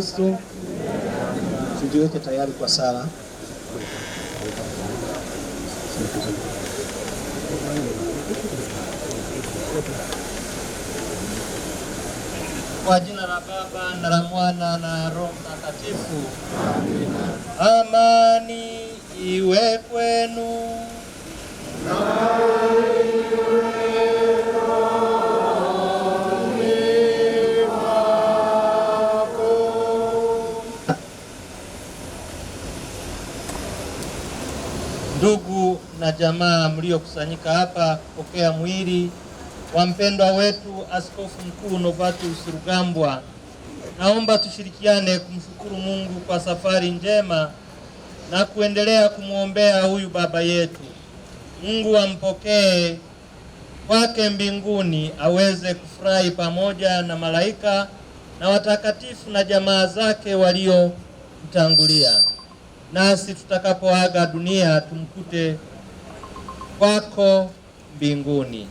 Kristo, tujiweke tayari kwa sala. Kwa jina la Baba na la Mwana na Roho Mtakatifu. Amani iwe kwenu. Amina. na jamaa mliokusanyika hapa kupokea mwili wa mpendwa wetu Askofu Mkuu Novatus Rugambwa. Naomba tushirikiane kumshukuru Mungu kwa safari njema na kuendelea kumwombea huyu baba yetu. Mungu ampokee kwake mbinguni, aweze kufurahi pamoja na malaika na watakatifu na jamaa zake waliomtangulia, nasi tutakapoaga dunia tumkute kwako mbinguni.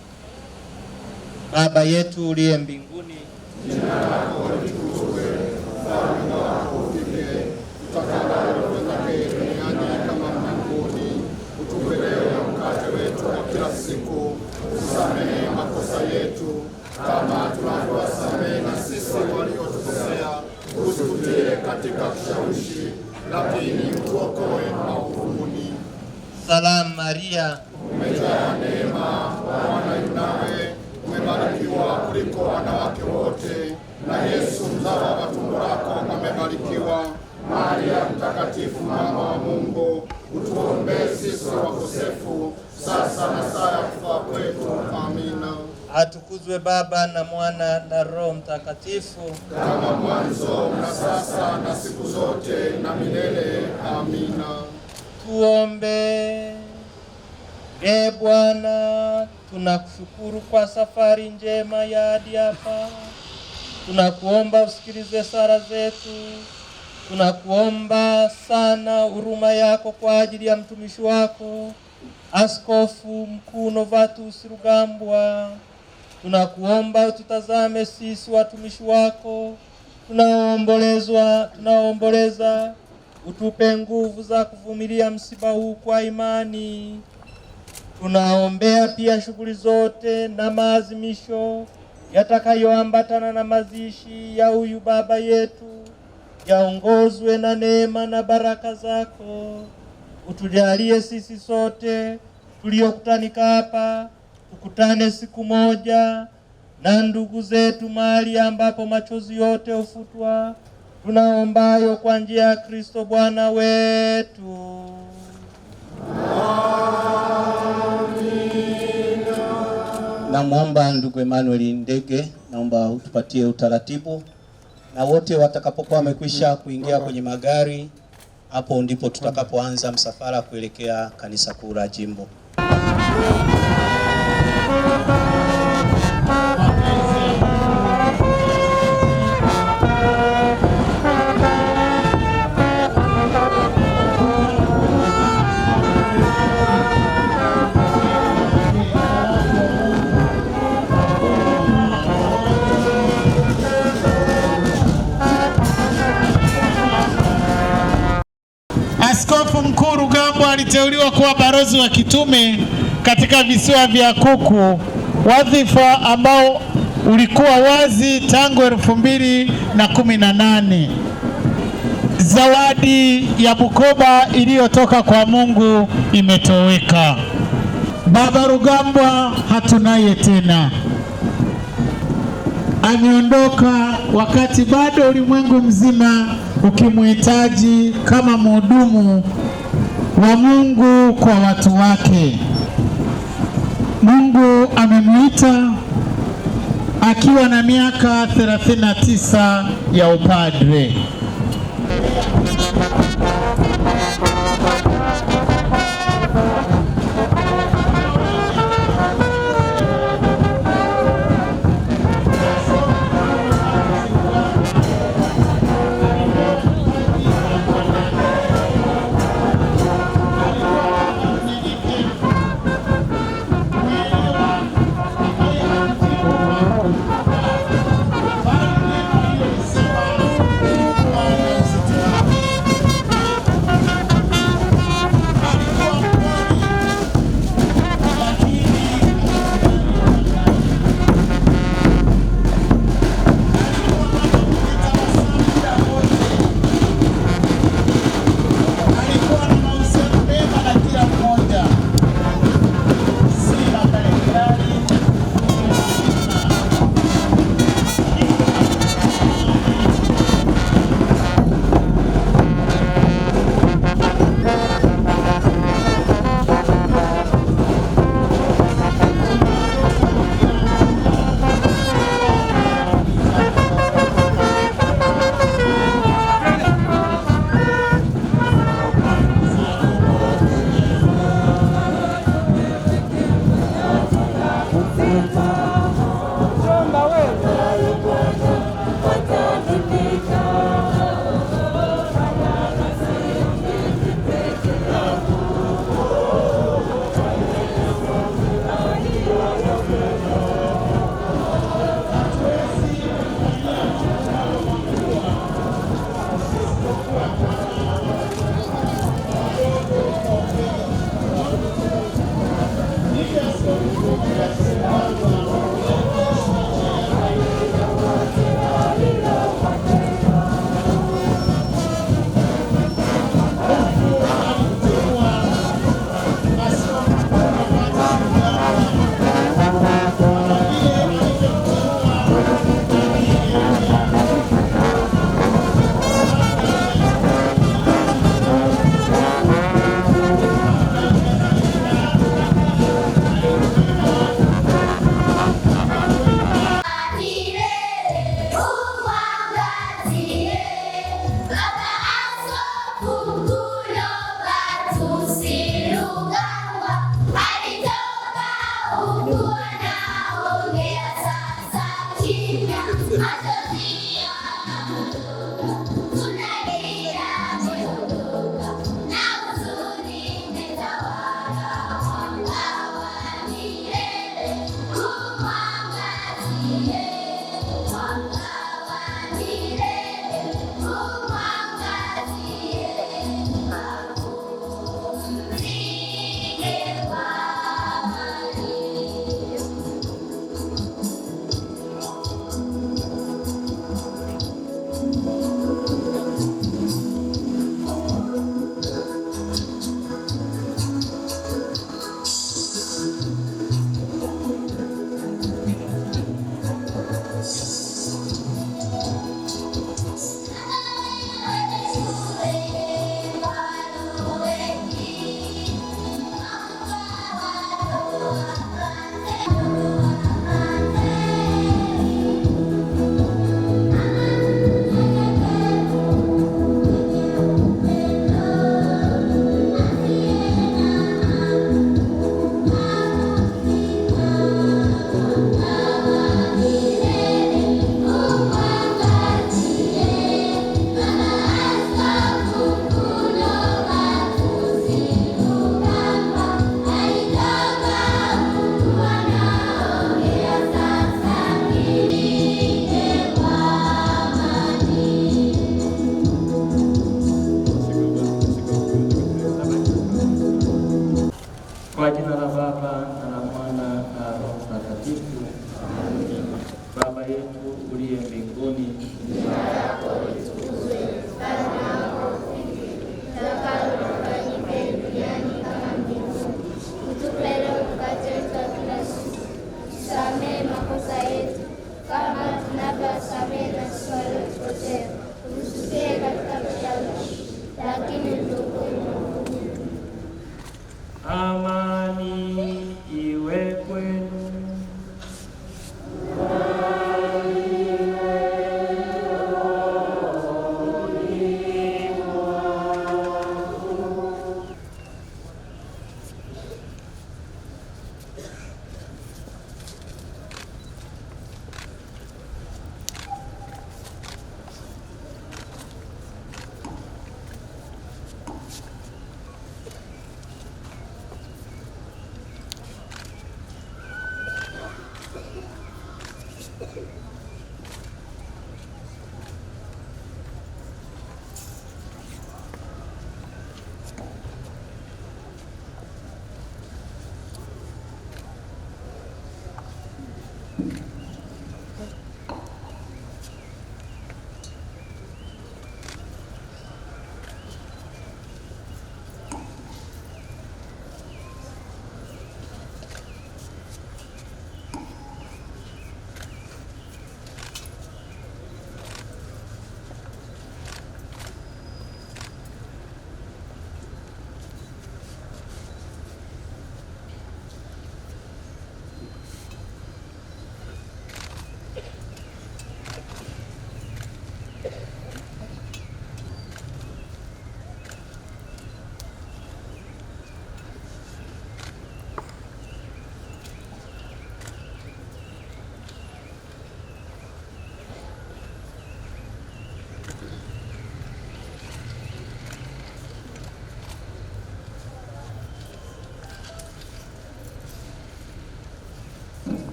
Baba yetu uliye mbinguni, jina lako litukuzwe, ufalme wako ufike, utakalo lifanyike duniani kama mbinguni. Utupe leo mkate wetu wa kila siku, usamehe makosa yetu kama tunavyowasamehe na sisi waliotukosea, usitutie katika kushawishi, lakini utuokoe maovuni. Salamu Maria umejaa neema, Bwana yu nawe, umebarikiwa kuliko wanawake wote, na Yesu mzao wa tumbo lako amebarikiwa. Maria Mtakatifu, mama wa Mungu, utuombee sisi wakosefu, sasa na saa ya kufa kwetu. Amina. Atukuzwe Baba na Mwana na Roho Mtakatifu, kama mwanzo na sasa na siku zote na milele. Amina. Tuombe. E Bwana, tunakushukuru kwa safari njema ya hadi hapa. Tunakuomba usikilize sala zetu. Tunakuomba sana huruma yako kwa ajili ya mtumishi wako Askofu Mkuu Novatus Rugambwa. Tunakuomba ututazame sisi watumishi wako tunaombolezwa, tunaomboleza, utupe nguvu za kuvumilia msiba huu kwa imani Tunaombea pia shughuli zote na maazimisho yatakayoambatana na mazishi ya huyu baba yetu yaongozwe na neema na baraka zako. Utujalie sisi sote tuliokutanika hapa tukutane siku moja na ndugu zetu mahali ambapo machozi yote hufutwa, tunaombayo kwa njia ya Kristo Bwana wetu. namwomba ndugu Emmanuel Ndege, naomba utupatie utaratibu, na wote watakapokuwa wamekwisha kuingia kwenye magari, hapo ndipo tutakapoanza msafara kuelekea kanisa kuu la jimbo. Aliteuliwa kuwa balozi wa kitume katika visiwa vya Kuku, wadhifa ambao ulikuwa wazi tangu elfu mbili na kumi na nane. Zawadi ya Bukoba iliyotoka kwa Mungu imetoweka. Baba Rugambwa hatunaye tena, ameondoka wakati bado ulimwengu mzima ukimhitaji kama mhudumu wa Mungu kwa watu wake. Mungu amemwita akiwa na miaka 39 ya upadre. Amen.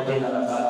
Madena Lazada.